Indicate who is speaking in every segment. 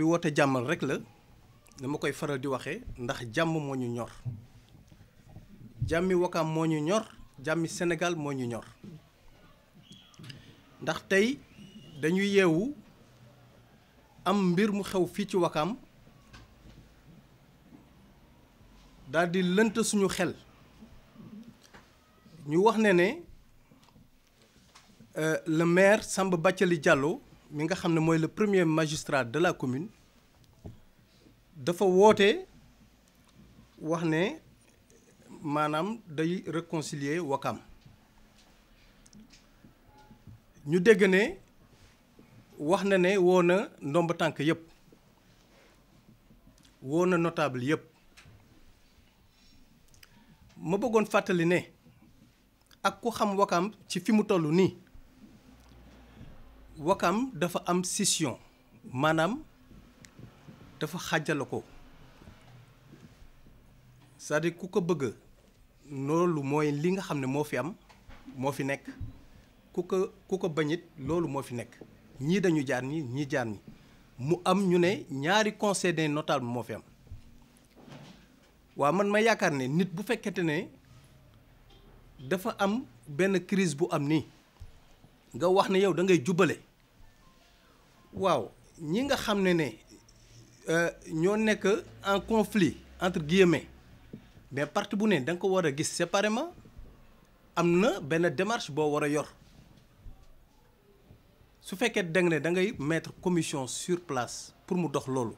Speaker 1: bi woote jàmmal rek la dama koy faral di waxe ndax jàmm moo ñu ñor jàmmi Wakaam moo ñu ñor jàmmi senegal moo ñu ñor ndax tey dañuy yeewu am mbir mu xew fii ci Wakaam daldi di lënt suñu xel ñu wax ne ne euh, le maire Samba li jàlloo mi nga xam ne mooy le premier magistrate de la commune dafa woote wax ne maanaam day réconcilier Wakam ñu dégg ne wax na ne woo na ndomb tànk yëpp woo na notable yëpp ma bëggoon fàttali ne ak ku xam Wakam ci fi mu toll nii Wakam dafa am scission maanaam dafa xajale ko cest à ku ko bëgg loolu mooy li nga xam ne moo fi am moo fi nekk ku ko ku ko bañit loolu moo fi nekk ñii dañu jaar ni ñii jaar ñi mu am ñu ne ñaari conseil des notables moo fi am waaw man ma yaakaar ne nit bu fekkete ne dafa am benn crise bu am nii nga wax ne yow dangay jubale waaw ñi nga xam ne ne euh, ñoo nekk en conflit entre guillemets mais parti bu ne da nga ko war a gis séparément am na benn démarche boo war a yor su fekkee dang ne da ngay mettre commission sur place pour mu dox loolu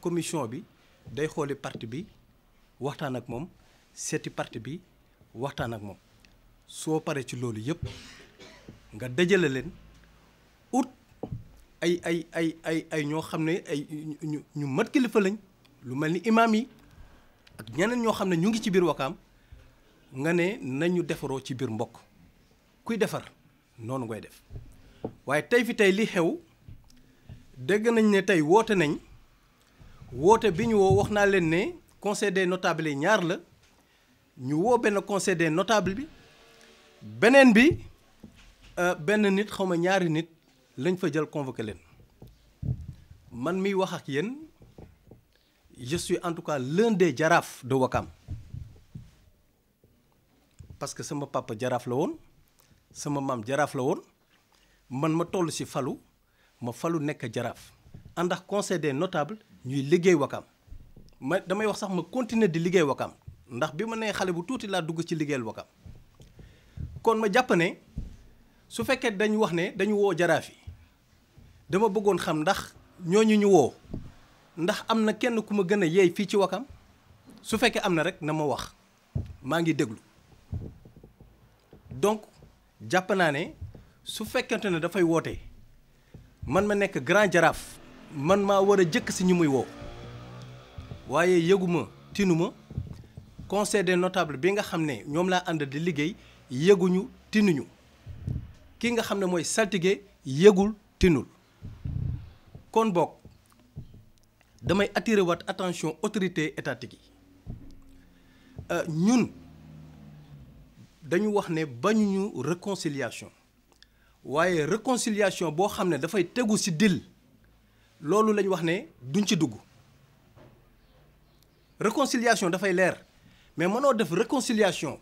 Speaker 1: commission bi day xooli parti bi waxtaan ak moom seeti parti bi waxtaan ak moom soo paree ci loolu yëpp nga dajale leen ut. ay ay ay ay ñoo xam ne ay ñu mat kilifa lañ lu mel ni imaam yi ak ñeneen ñoo xam ne ñu ngi ci biir Wakaam nga ne nañu defaroo ci biir mbokk kuy defar noonu ngay def waaye tey fi tey li xew dégg nañ ne tey woote nañ woote bi ñu woo wax naa leen ne conseil des notables yi ñaar la ñu woo benn conseil des notables bi beneen bi euh, benn nit xaw ma ñaari nit lañ fa jël convoqué leen man miy wax ak yéen je suis en tout cas l'un des jaraaf de Wakam parce que sama papa jaraaf la woon sama maam jaraaf la woon man ma toll ci falu ma falu nekk jaraaf àndax conseil des notable ñuy liggéey Wakam ma damay wax sax ma continuer di liggéey Wakam ndax bi ma nee xale bu tuuti laa dugg ci liggéeyal Wakam kon ma jàpp ne su fekkee dañu wax ne dañu woo jaraaf yi dama bëggoon xam ndax ñooñu ñu woo ndax am na kenn ku ma gën a yeey fii ci wakam su fekkee am na rek na ma wax maa ngi déglu donc jàpp naa ne su fekkente ne dafay woote man ma nekk grand jaraaf man maa war a jëkk si ñu muy woo waaye yëguma tinuma conseil des notables bi nga xam ne ñoom laa ànd di liggéey yëguñu tinuñu kii nga xam ne mooy saltige yëgul tinul kon boog damay attire wat attention autorité étatique yi euh, ñun dañu wax ne bañuñu réconciliation waaye réconciliation boo xam ne dafay tegu ci dil loolu lañ wax ne duñ ci dugg réconciliation dafay leer mais mënoo def réconciliation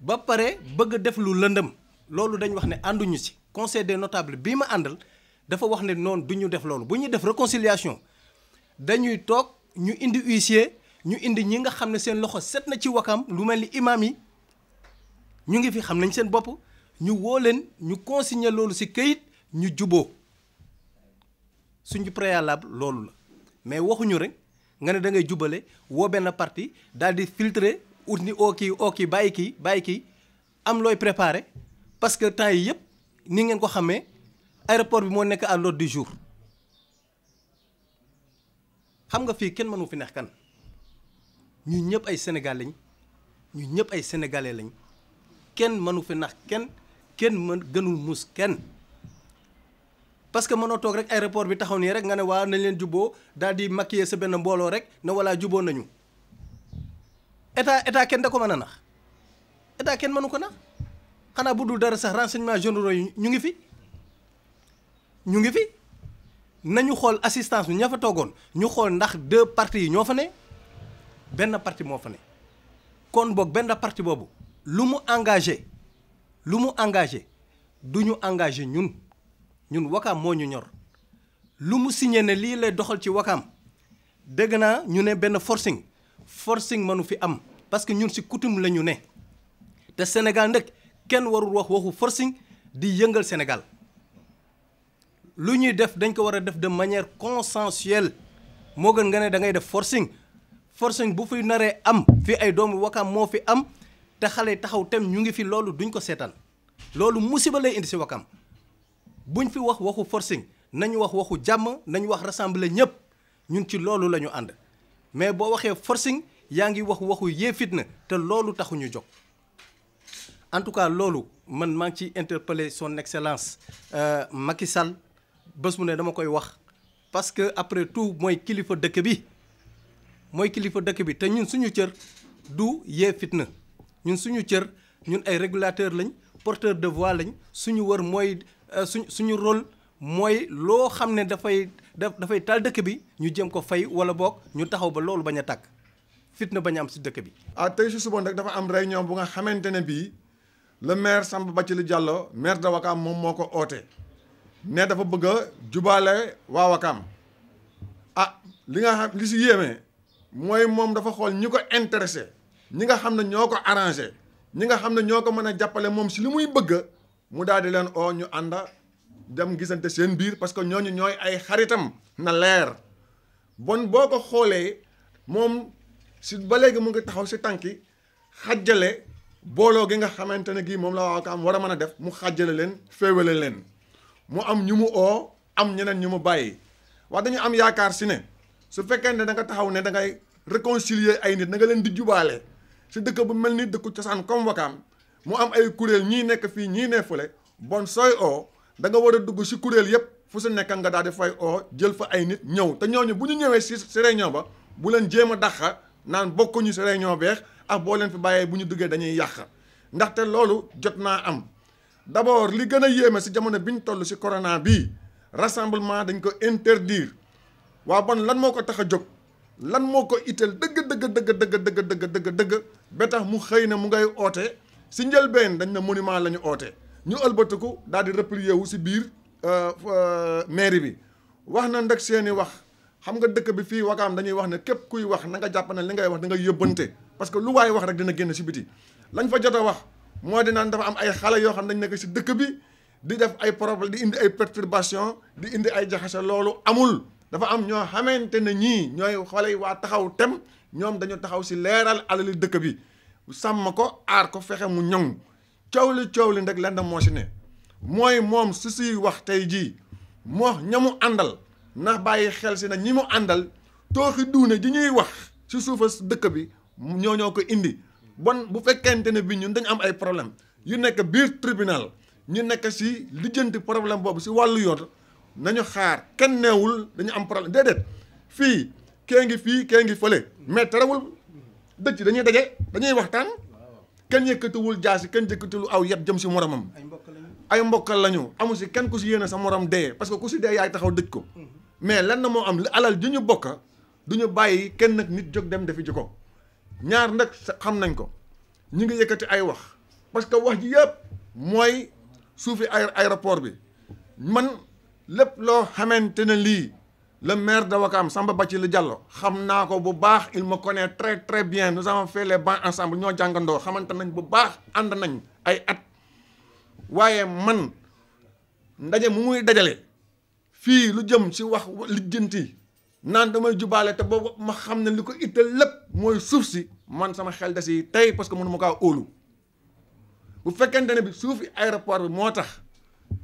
Speaker 1: ba pare bëgg def lu lëndëm loolu dañu wax ne ànduñu ci conseil des notables bii ma àndal dafa wax ne noonu du ñu def loolu bu ñu def réconciliation dañuy toog ñu indi huissier ñu indi ñi nga xam ne seen loxo set na ci wakam lu mel ni imaam yi ñu ngi fi xam nañ seen bopp ñu woo leen ñu consigner loolu si këyit ñu juboo suñu préalable loolu la mais waxuñu rek nga ne da ngay jubale woo benn parti daal di filtrer ut ni oo kii oo kii kii bàyyi am looy préparé parce que temps yi yëpp ni ngeen ko xamee. aéroport bi moo nekk à l'ordre di jour xam nga fii kenn mënu fi neex kan ñu ñëpp ay Sénégal lañ ñu ñëpp ay sénégalais lañ kenn mënu fi nax kenn kenn mën gënul muus kenn parce que mënoo toog rek aéroport bi taxaw nii rek nga ne waa nañ leen juboo daal di maquiller sa benn mbooloo rek ne wala juboo nañu état état kenn da ko mën a nax état kenn mënu ko nax xanaa bu dul dara sax renseignement généraux yi ñu ngi fi ñu ngi fi nañu xool assistance bi ña fa toogoon ñu xool ndax deux parties yi ñoo fa ne benn parti moo fa ne kon boog benn parti boobu lu mu engagé lu mu engage du ñu engagé ñun ñun wakaam moo ñu ñor lu mu signé ne lii lay doxal ci wakaam dégg naa ñu ne benn forcing forcing mënu fi am parce que ñun si coutume la ñu ne te Sénégal nag kenn warul wax waxu forcing di yëngal Sénégal lu ñuy def dañ ko war a def de manière consensuelle moo gën nga ne dangay def forcing forcing bu fi naree am fii ay doomu wakaam moo fi am te xale taxaw tem ñu ngi fi loolu duñ ko seetaan loolu musiba lay indi si wakaam buñ fi wax waxu forcing nañu wax waxu jàmm nañu wax rassembler ñëpp ñun ci loolu la ñu ànd mais boo waxee forcing yaa ngi wax waxu yee na te loolu taxuñu jóg en tout cas loolu man maa ngi ciy interpeller son excellence euh, Macky Sall bés mu ne dama koy wax parce que après tout mooy kilifa dëkk bi mooy kilifa dëkk bi te ñun suñu cër du yee fitna ñun suñu cër ñun ay régulateur lañ porteur de voix lañ suñu wër mooy euh, suñ suñu rôle mooy loo xam ne dafay dafay taal dëkk bi ñu jëm ko fay wala boog ñu taxaw ba loolu bañ a tàkk
Speaker 2: fitna bañ a am si dëkk bi. ah tey si suba nag dafa am réunion bu nga xamante ne bii le maire Samba Bathily Diallo maire de Ouakam moom moo ko ootee ne dafa bëgg jubale jubaale waa ah li nga xam li si yéeme mooy moom dafa xool ñi ko intéressé ñi nga xam ne ñoo ko arrangé ñi nga xam ne ñoo ko mën a jàppale moom si li muy bëgg mu daal di leen oo ñu ànd dem gisante seen biir parce que ñooñu ñooy ay xaritam na leer bon boo ko xoolee moom si ba léegi mu ngi taxaw si tànki xajjale booloo gi nga xamante ne gii moom la waa Wakaam war a mën a def mu xajjale leen féewale leen mu am ñu mu oo am ñeneen ñu mu bàyyi wax dañu am yaakaar si ne su fekkee ne da nga taxaw ne da ngay réconcilier ay nit da nga leen di jubaale si dëkk bu mel ni dëkku cosaan comme Wakaam mu am ay kuréel ñii nekk fii ñii ne fële bon sooy oo da nga war a dugg si kuréel yëpp fu su nekk nga daal di fay oo jël fa ay nit ñëw te ñooñu bu ñu ñëwee si si ba bu leen jéem a dàqa naan bokkuñu si beex ak ah, boo leen fi bàyyee bu ñu duggee dañuy yàq ndaxte loolu jot naa am. d'abord li gën a yéeme si jamono bi ñu toll si corona bii rassemblement dañ ko interdire waa bon lan moo ko tax a jóg lan moo ko itteel dëgg dëgg dëgg dëgg dëgg dëgg ba tax mu xëy na mu ngay ootee si njëlbeen dañ na monument la ñu oote ñu ëlbatiku daal di replier wu si biir euh, euh, mairie bi wax na ndag seeni wax xam nga dëkk bi fii wakaam dañuy wax ne képp kuy wax na nga jàpp ne li ngay wax da nga yëbbante parce que lu waaye wax rek dina génn si biti lañ fa jot a wax moo de naan dafa am ay xale yoo xam ne dañ nekk si dëkk bi di def ay problème di indi ay perturbation di indi ay jaxase loolu amul dafa am ñoo xamante ne ñii ñooy xale yi waa taxaw tem ñoom dañu taxaw si leeral alali dëkk bi sàmm ko aar ko fexe mu ñoŋ coow li coow li ndek lenn moo si ne mooy moom su siy wax tey jii moo ñamu àndal ndax bàyyi xel si na ñi mu àndal tooxi duune ji ñuy wax si suufa dëkk bi ñoo ñoo ko indi bon bu fekkente ne bi ñun dañu am ay problème yu nekk biir tribunal ñu nekk si lijjanti problème boobu si wàllu yoon nañu xaar kenn neewul dañu am problème déedéet fii kee ngi fii kee ngi fële mais terewul dëcc dañuy daje dañuy waxtaan kenn yëkkatiwul jaasi kenn yëkkatiwul aw yet jëm si moromam. ay mbokkal lañu amu si kenn ku si yéene sa morom dee parce que ku si dee yaay taxaw dëj ko mhm. mais lenn moo am li alal ju ñu bokk du ñu bàyyi kenn nag nit jóg dem defi ji ko. ñaar nag xam nañ ko ñu ngi yëkkati ay wax parce que wax ji yëpp mooy suufi ay aéroport bi man lépp loo xamante ne lii le maire de Wakam ci Bathily Diallo xam naa ko bu baax il ma connaît très très bien nous avons fait les bancs ensemble ñoo jàngandoo xamante nañ bu baax ànd nañ ay at waaye man ndaje mu muy dajale fii lu jëm si wax lijjanti naan damay jubaale te boobu ma xam ne li ko itteel lépp mooy suuf si man sama xel da si tey parce que mënu ma kaa óolu bu fekkente ne bi suuf suufi aéroport bi moo tax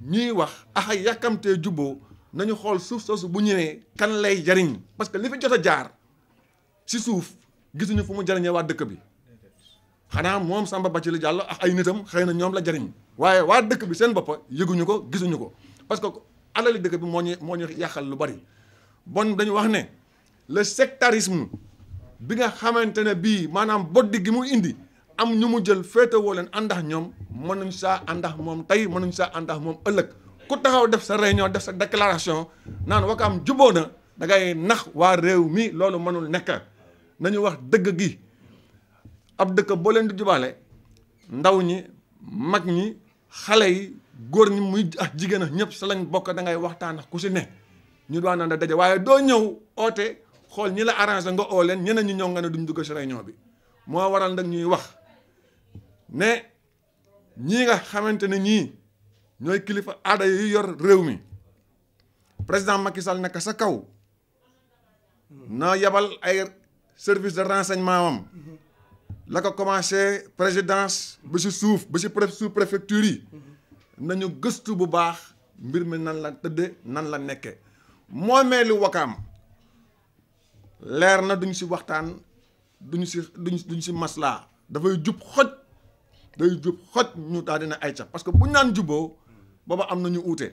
Speaker 2: ñuy wax ay yàkkamtee jubboo nañu xool suuf soosu bu ñëwee kan lay jariñ parce que li fi jot a jaar si suuf gisuñu fu mu jariñee waa dëkk bi xanaa moom Samba lu jàll ak ay nitam xëy na ñoom la jariñ waaye waa dëkk bi seen boppa yëguñu ko gisuñu ko parce que alali dëkk bi moo ñu moo ñu yàqal lu bari bon dañu wax ne le sectarisme bi nga xamante ne bii maanaam boddi gi mu indi am ñu mu jël féetewoo leen àndax ñoom mënuñ saa àndax moom tey mënuñ saa àndax moom ëllëg ku taxaw def sa réunion def sa déclaration naan Wakaam juboo na da dangay nax waa réew mi loolu mënul nekk nañu wax dëgg gi ab dëkk boo leen di jubaale ndaw ñi mag ñi xale yi góor ñi muy ak jigéen a ñëpp sa lañ bokk da ngay waxtaan ak ku si ne ñu daan naan da daje waaye doo ñëw oote. xool ñi la arrangé nga oo leen ñeneen ñi ñëw nga ne duñ dugg ci réunion bi moo waral nag ñuy wax ne ñii nga xamante ne ñii ñooy kilifa aada yi yor réew mi président Macky Sall nekk sa kaw na yebal ay service de renseignement am la ko commencé présidence ba si suuf ba ci sous préfecture yi nañu gëstu bu baax mbir mi nan la tëdde nan la nekke moomeelu wakaam leer na duñ si waxtaan duñ si duñ duñ si maslaa dafay jub xoj day jub xoj ñu daal na ay ca parce que buñ naan juboo booba am na ñu uute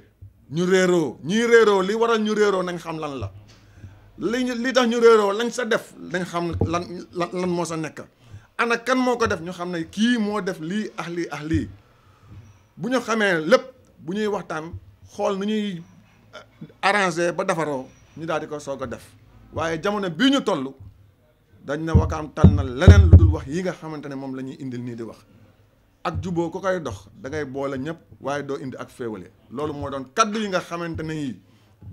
Speaker 2: ñu réeroo ñuy réeroo li waral ñu réeroo nañ xam lan la li li tax ñu réeroo lañ sa def lañ xam lan lan lan moo sa nekk ana kan moo ko def ñu xam ne kii moo def lii ah lii ah lii bu ñu xamee lépp bu ñuy waxtaan xool na ñuy eh, arrangé ba defaroo ñu daal di ko soog a def waaye jamono bii ñu toll dañ ne wakaam tal na leneen lu dul wax yi nga xamante ne moom la ñuy indil nii di wax ak juboo ko koy dox da ngay boole ñëpp waaye doo indi ak féewale loolu moo doon kaddu yi nga xamante ne yi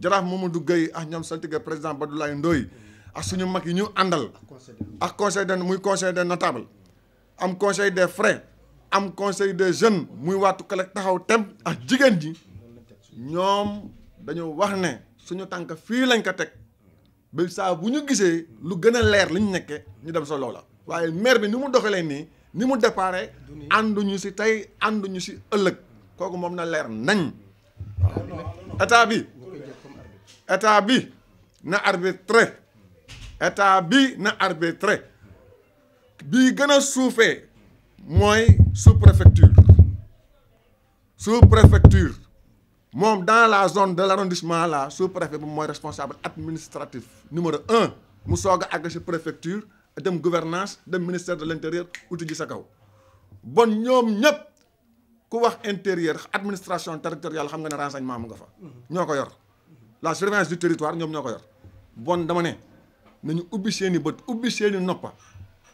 Speaker 2: jaraaf Mamadou Gueye ak ñoom saltige président lay Ndoye ak suñu mag yi ñu àndal ak conseil de muy conseil des notables am conseil des frais am conseil des jeunes muy waatu kalek taxaw tem ak jigéen ji ñoom dañu wax ne suñu tànk fii lañ ko teg bi saa bu ñu gisee lu gën a leer li ñu nekkee ñu dem sa la waaye maire bi ni mu doxalee nii ni mu déparé ànduñu si tey ànduñu si ëllëg kooku moom na leer nañ waaw état bi état bi na arbitré état bi na arbitré bii gën a suufee mooy sous préfecture sous préfecture moom dans la zone de l' la là sous-préfet bu mooy responsable administratif numéro un mu soog a àgg si préfecture dem gouvernance dem ministère de l' intérieur uti ji sa kaw bon ñoom ñëpp ku wax intérieur administration territoriale xam nga ne renseignement mu nga fa ñoo ko yor la surveillance du territoire ñoom ñoo ko yor bon dama ne nañu ubbi seen i bët ubbi seen noppa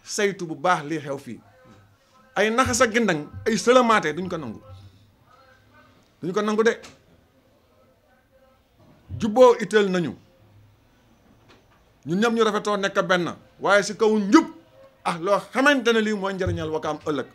Speaker 2: saytu bu baax lii xew fii ay naxa sa gindang ay sëlamaate duñ ko nangu duñ ko nangu jubboo itteel nañu ñu ñam ñu rafetoo nekk benn waaye ci kaw njub ah loo xamante ne lii mooy njëriñal wakaam ëllëg